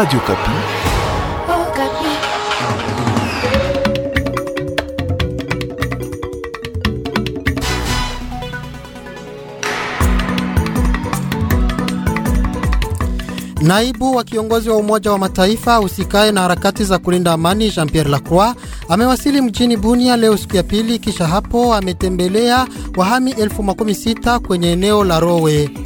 Radio Kapi. Oh, Kapi. Naibu wa kiongozi wa Umoja wa Mataifa usikae na harakati za kulinda amani Jean Pierre Lacroix amewasili mjini Bunia leo siku ya pili, kisha hapo ametembelea wahami elfu makumi sita kwenye eneo la Rowe.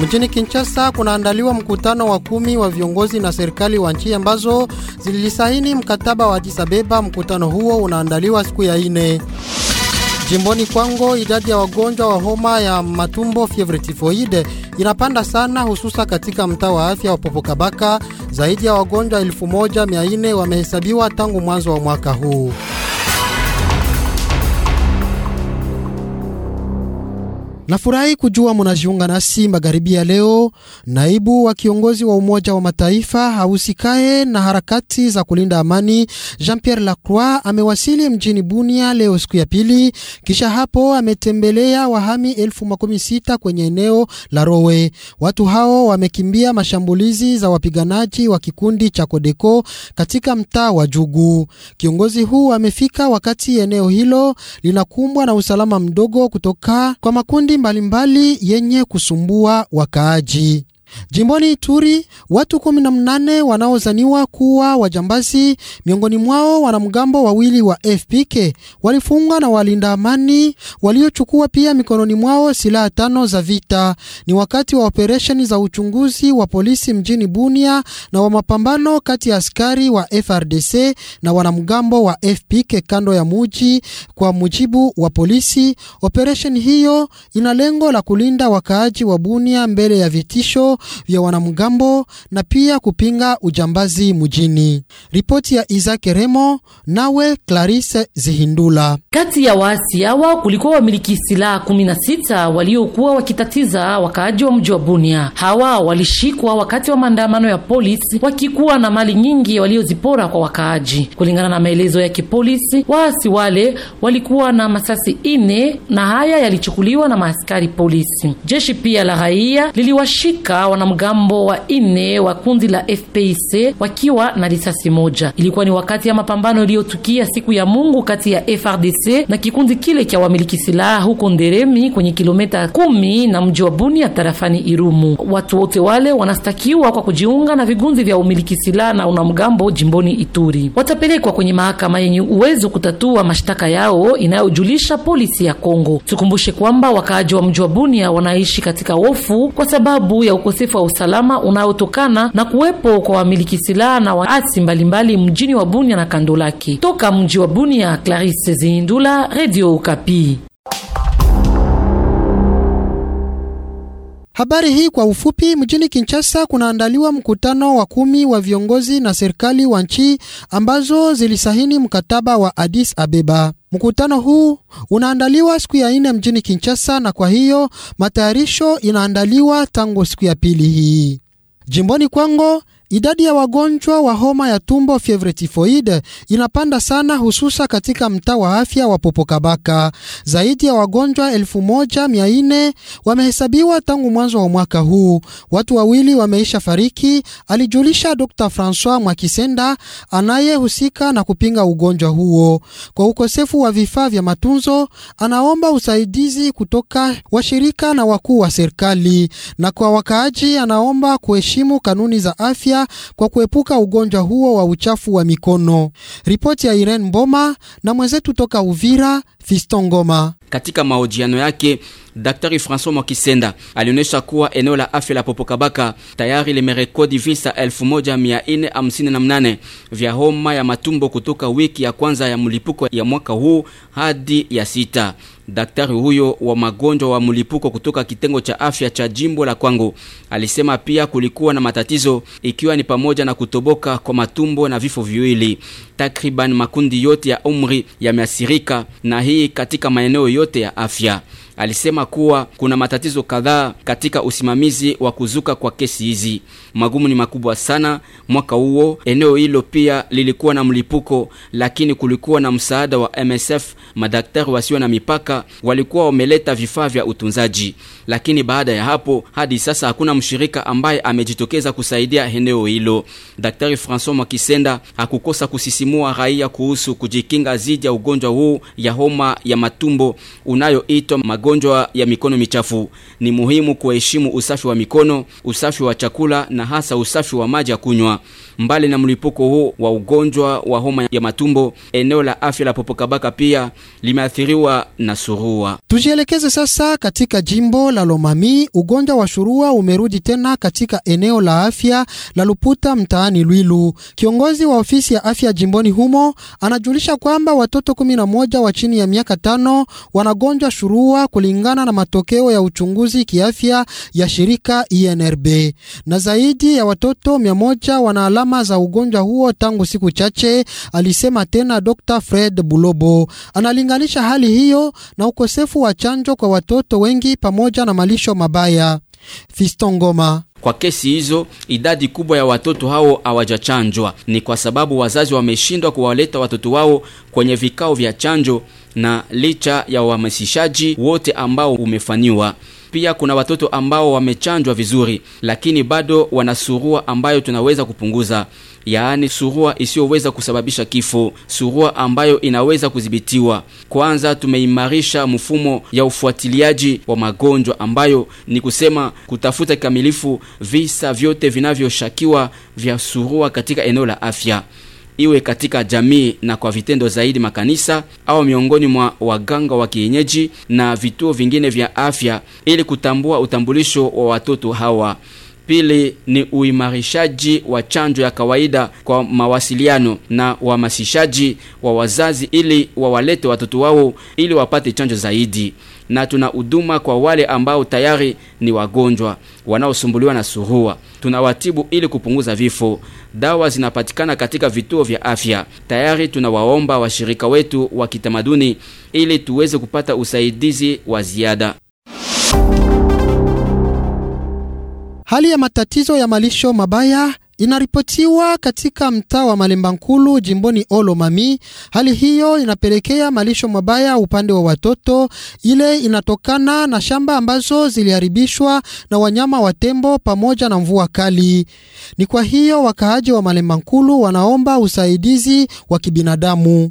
Mjini Kinshasa kunaandaliwa mkutano wa kumi wa viongozi na serikali wa nchi ambazo zilisaini mkataba wa Addis Ababa. Mkutano huo unaandaliwa siku ya ine. Jimboni Kwango, idadi ya wagonjwa wa homa ya matumbo fievre tifoide inapanda sana, hususa katika mtaa wa afya wa Popokabaka. Zaidi ya wagonjwa 1400 wamehesabiwa tangu mwanzo wa mwaka huu. Nafurahi kujua munajiunga nasi magharibi ya leo. Naibu wa kiongozi wa Umoja wa Mataifa hausikae na harakati za kulinda amani Jean Pierre Lacroix amewasili mjini Bunia leo siku ya pili, kisha hapo ametembelea wahami elfu makumi sita kwenye eneo la Rowe. Watu hao wamekimbia mashambulizi za wapiganaji wa kikundi cha Kodeko katika mtaa wa Jugu. Kiongozi huu amefika wakati eneo hilo linakumbwa na usalama mdogo kutoka kwa makundi mbalimbali mbali yenye kusumbua wakaaji. Jimboni Ituri watu kumi na mnane wanaozaniwa kuwa wajambazi, miongoni mwao wanamgambo wawili wa FPK walifungwa na walinda amani waliochukua pia mikononi mwao silaha tano za vita. Ni wakati wa operesheni za uchunguzi wa polisi mjini Bunia na wa mapambano kati ya askari wa FRDC na wanamgambo wa FPK kando ya muji. Kwa mujibu wa polisi, operesheni hiyo ina lengo la kulinda wakaaji wa Bunia mbele ya vitisho vya wanamgambo na pia kupinga ujambazi mjini. Ripoti ya Iza Keremo nawe Clarisse Zihindula. Kati ya waasi hawa kulikuwa wamiliki silaha 16 waliokuwa wakitatiza wakaaji wa mji wa Bunia. Hawa walishikwa wakati wa maandamano ya polisi wakikuwa na mali nyingi waliozipora kwa wakaaji. Kulingana na maelezo ya kipolisi, waasi wale walikuwa na masasi ine na haya yalichukuliwa na maaskari polisi. Jeshi pia la raia liliwashika wanamgambo wa ine wa kundi la FPIC wakiwa na risasi moja. Ilikuwa ni wakati ya mapambano iliyotukia siku ya Mungu kati ya FRDC na kikundi kile cha wamiliki silaha huko Nderemi kwenye kilomita kumi na mji wa Bunia tarafani Irumu. Watu wote wale wanastakiwa kwa kujiunga na vigundi vya umiliki silaha na unamgambo jimboni Ituri. Watapelekwa kwenye mahakama yenye uwezo kutatua mashtaka yao inayojulisha polisi ya Kongo. Tukumbushe kwamba wakaaji wa mji wa Bunia wanaishi katika hofu kwa sababu ya ukosefu ukosefu wa usalama unaotokana na kuwepo kwa wamiliki silaha na waasi mbalimbali mjini wa Bunia na kando lake. Toka mji wa Bunia, Clarisse Zindula, Radio Okapi. Habari hii kwa ufupi. Mjini Kinshasa kunaandaliwa mkutano wa kumi wa viongozi na serikali wa nchi ambazo zilisahini mkataba wa Addis Abeba. Mkutano huu unaandaliwa siku ya nne mjini Kinshasa na kwa hiyo matayarisho inaandaliwa tangu siku ya pili hii. Jimboni Kwango Idadi ya wagonjwa wa homa ya tumbo fievre tifoide inapanda sana, hususa katika mtaa wa afya wa Popokabaka. Zaidi ya wagonjwa 1400 wamehesabiwa tangu mwanzo wa mwaka huu. Watu wawili wameisha fariki, alijulisha Dr Francois Mwakisenda anayehusika na kupinga ugonjwa huo. Kwa ukosefu wa vifaa vya matunzo, anaomba usaidizi kutoka washirika na wakuu wa serikali, na kwa wakaaji anaomba kuheshimu kanuni za afya kwa kuepuka ugonjwa huo wa uchafu wa mikono. Ripoti ya Irene Mboma na mwenzetu toka Uvira, Fiston Ngoma. Katika mahojiano yake Daktari Francois Mwakisenda alionyesha kuwa eneo la afya la Popokabaka tayari limerekodi visa 1458 vya homa ya matumbo kutoka wiki ya kwanza ya mlipuko ya mwaka huu hadi ya sita. Daktari huyo wa magonjwa wa mlipuko kutoka kitengo cha afya cha jimbo la Kwango alisema pia kulikuwa na matatizo ikiwa ni pamoja na kutoboka kwa matumbo na vifo viwili. Takriban makundi yote ya umri yameathirika na hii katika maeneo yote ya afya alisema kuwa kuna matatizo kadhaa katika usimamizi wa kuzuka kwa kesi hizi. Magumu ni makubwa sana. Mwaka huo eneo hilo pia lilikuwa na mlipuko, lakini kulikuwa na msaada wa MSF. Madaktari wasio na mipaka walikuwa wameleta vifaa vya utunzaji, lakini baada ya hapo hadi sasa hakuna mshirika ambaye amejitokeza kusaidia eneo hilo. Daktari Francois Mwakisenda hakukosa kusisimua raia kuhusu kujikinga zidi ya ugonjwa huu ya homa ya matumbo unayoitwa magonjwa magonjwa ya mikono michafu. Ni muhimu kuheshimu usafi wa mikono, usafi wa chakula na hasa usafi wa maji ya kunywa. Mbali na mlipuko huu wa ugonjwa wa homa ya matumbo, eneo la afya la Popokabaka pia limeathiriwa na surua. Tujielekeze sasa katika jimbo la Lomami. Ugonjwa wa surua umerudi tena katika eneo la afya la Luputa mtaani Lwilu. Kiongozi wa ofisi ya afya jimboni humo anajulisha kwamba watoto 11 wa chini ya miaka tano wanagonjwa surua kulingana na matokeo ya uchunguzi kiafya ya shirika INRB, na zaidi ya watoto mia moja wana alama za ugonjwa huo tangu siku chache, alisema tena Dr. Fred Bulobo. Analinganisha hali hiyo na ukosefu wa chanjo kwa watoto wengi pamoja na malisho mabaya. Fiston Ngoma kwa kesi hizo, idadi kubwa ya watoto hao hawajachanjwa. Ni kwa sababu wazazi wameshindwa kuwaleta watoto wao kwenye vikao vya chanjo, na licha ya uhamasishaji wote ambao umefanyiwa pia kuna watoto ambao wamechanjwa vizuri, lakini bado wana surua ambayo tunaweza kupunguza yaani surua isiyoweza kusababisha kifo, surua ambayo inaweza kudhibitiwa. Kwanza tumeimarisha mfumo ya ufuatiliaji wa magonjwa, ambayo ni kusema kutafuta kikamilifu visa vyote vinavyoshakiwa vya surua katika eneo la afya iwe katika jamii na kwa vitendo zaidi makanisa au miongoni mwa waganga wa kienyeji na vituo vingine vya afya ili kutambua utambulisho wa watoto hawa pili ni uimarishaji wa chanjo ya kawaida kwa mawasiliano na uhamasishaji wa wazazi ili wawalete watoto wao ili wapate chanjo zaidi na tuna huduma kwa wale ambao tayari ni wagonjwa wanaosumbuliwa na surua, tunawatibu ili kupunguza vifo. Dawa zinapatikana katika vituo vya afya tayari. Tunawaomba washirika wetu wa kitamaduni ili tuweze kupata usaidizi wa ziada. Hali ya matatizo ya malisho mabaya inaripotiwa katika mtaa wa Malemba Nkulu jimboni Olo Mami. Hali hiyo inapelekea malisho mabaya upande wa watoto, ile inatokana na shamba ambazo ziliharibishwa na wanyama wa tembo pamoja na mvua kali. Ni kwa hiyo wakaaji wa Malemba Nkulu wanaomba usaidizi wa kibinadamu.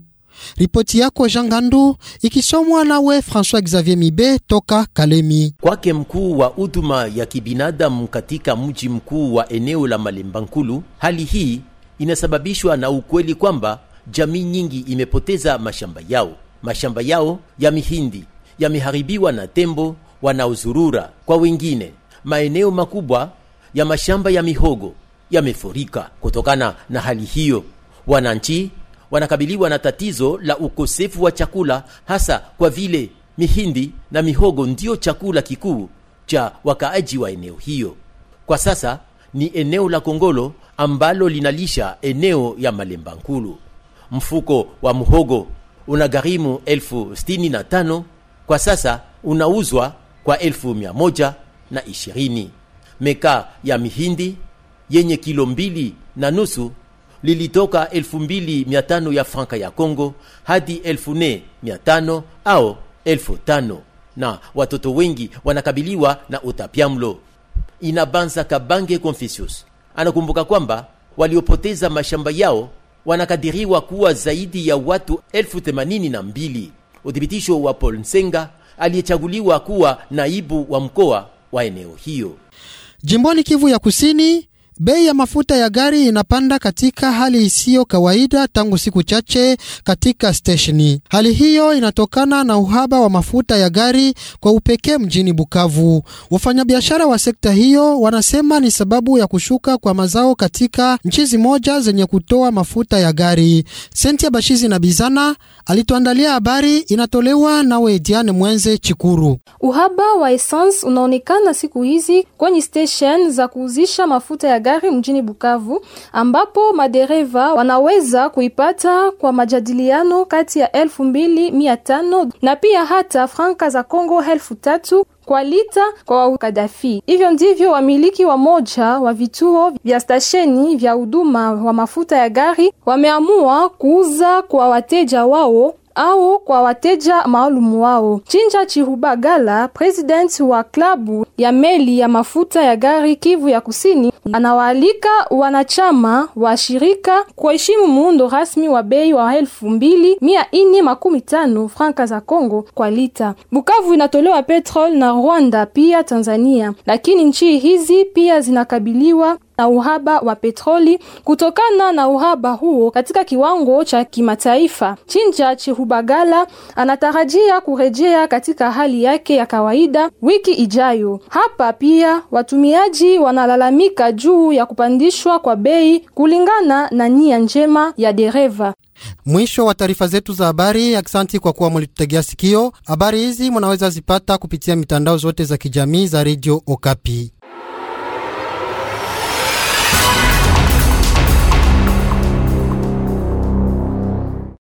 Ripoti yako Jean Gandu ikisomwa nawe François Xavier Mibe toka Kalemi. Kwake mkuu wa huduma ya kibinadamu katika mji mkuu wa eneo la Malemba Nkulu, hali hii inasababishwa na ukweli kwamba jamii nyingi imepoteza mashamba yao. Mashamba yao ya mihindi yameharibiwa na tembo wanaozurura. Kwa wengine, maeneo makubwa ya mashamba ya mihogo yamefurika. Kutokana na hali hiyo, wananchi wanakabiliwa na tatizo la ukosefu wa chakula, hasa kwa vile mihindi na mihogo ndiyo chakula kikuu cha wakaaji wa eneo hiyo. Kwa sasa ni eneo la Kongolo ambalo linalisha eneo ya Malemba Nkulu. Mfuko wa muhogo una gharimu elfu sitini na tano kwa sasa unauzwa kwa elfu mia moja na ishirini. Meka ya mihindi yenye kilo mbili na nusu lilitoka 2500 ya franka ya Kongo hadi 4500 au 5000 na watoto wengi wanakabiliwa na utapiamlo. Inabanza Kabange Confucius anakumbuka kwamba waliopoteza mashamba yao wanakadiriwa kuwa zaidi ya watu elfu themanini Uthibitisho wa Paul Nsenga aliyechaguliwa kuwa naibu wa mkoa wa eneo hiyo jimboni Kivu ya Kusini. Bei ya mafuta ya gari inapanda katika hali isiyo kawaida tangu siku chache katika stesheni. Hali hiyo inatokana na uhaba wa mafuta ya gari kwa upekee mjini Bukavu. Wafanyabiashara wa sekta hiyo wanasema ni sababu ya kushuka kwa mazao katika nchi zimoja zenye kutoa mafuta ya gari. Sentia Bashizi na Bizana alituandalia habari, inatolewa nawe Diane Mwenze Chikuru. Uhaba wa essence unaonekana siku hizi kwenye stesheni za kuuzisha mafuta ya gari magari mjini Bukavu, ambapo madereva wanaweza kuipata kwa majadiliano kati ya elfu mbili mia tano na pia hata franka za Kongo elfu tatu kwa lita kwa Kadafi. Hivyo ndivyo wamiliki wa moja wa vituo vya stasheni vya huduma wa mafuta ya gari wameamua kuuza kwa wateja wao au kwa wateja maalumu wao. Chinja chihubagala president wa klabu ya meli ya mafuta ya gari Kivu ya Kusini, anawaalika wanachama wa shirika kuheshimu muundo rasmi wa bei wa elfu mbili mia ine makumi tano franka za Kongo kwa lita. Bukavu inatolewa petrol na Rwanda pia Tanzania, lakini nchi hizi pia zinakabiliwa na uhaba wa petroli. Kutokana na uhaba huo katika kiwango cha kimataifa, Chinja Chihubagala anatarajia kurejea katika hali yake ya kawaida wiki ijayo. Hapa pia watumiaji wanalalamika juu ya kupandishwa kwa bei kulingana na nia njema ya dereva. Mwisho wa taarifa zetu za habari. Aksanti kwa kuwa mulitutegea sikio. Habari hizi munaweza zipata kupitia mitandao zote za kijamii za redio Okapi.